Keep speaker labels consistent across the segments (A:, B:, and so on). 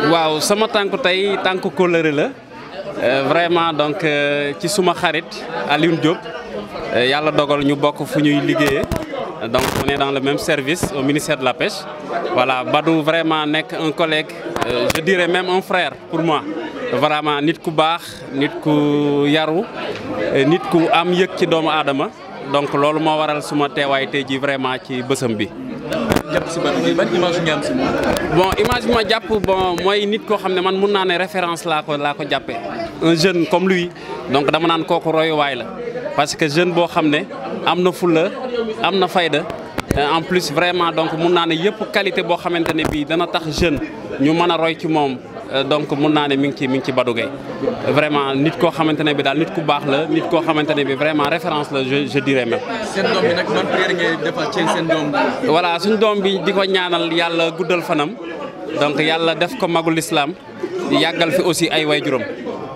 A: waaw sama tànku tay tànku collé la euh, vraiment donc euh, ci suma xarit Aliou Diop euh, yalla dogal ñu bokk fu ñuy liggéeyee donc on est dans le même service au ministère de la pêche voilà Badou vraiment nek un collègue je dirais même un frère pour moi vraiment nit ku bax, nit ku yaru nit ku am yek ci doomu adama. donc lolu mo waral suma téway tey vraiment ci bësam bi jàpp si ban ban image nga am bon image bi ma jàpp bon mooy nit koo xam ne man mun naa référence laa ko laa ko jàppee un jeune comme lui donc dama naan kooku royuwaay la parce que jeune boo xam ne am na fulla am na fayda. Euh, en plus vraiment donc mun naa ne yëpp qualité boo xamante ne bii dana tax jeune ñu mën roy ci moom. Euh, donc mun naa ne mi ngi ci mi ngi ci Badou Gueye vraiment nit koo xamante ne bi daal nit ku baax la nit koo xamante ne bi vraiment référence la je je dirais même. seen doom bi nag man prière ngay defal ci seen doom bi. voilà suñu doom bi di ko ñaanal yàlla guddal fanam donc yàlla def ko magul islam yàggal fi aussi ay way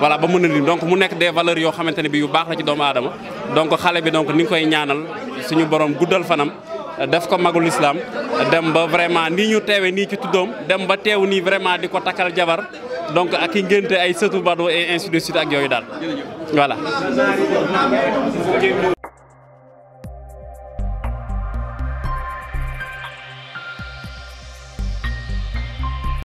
A: voilà ba mën a lim donc mu nekk des valeurs yoo xamante ne bi yu baax la ci doomu aadama donc xale bi donc ni nga koy ñaanal suñu borom guddal fanam def ko magul islam dem ba vraiment nii ñu teewe nii ci tuddoom dem ba teew nii vraiment di ko takkal jabar donc ak i ngénte ay sëtu bado et ainsi de suite ak yooyu daal voilà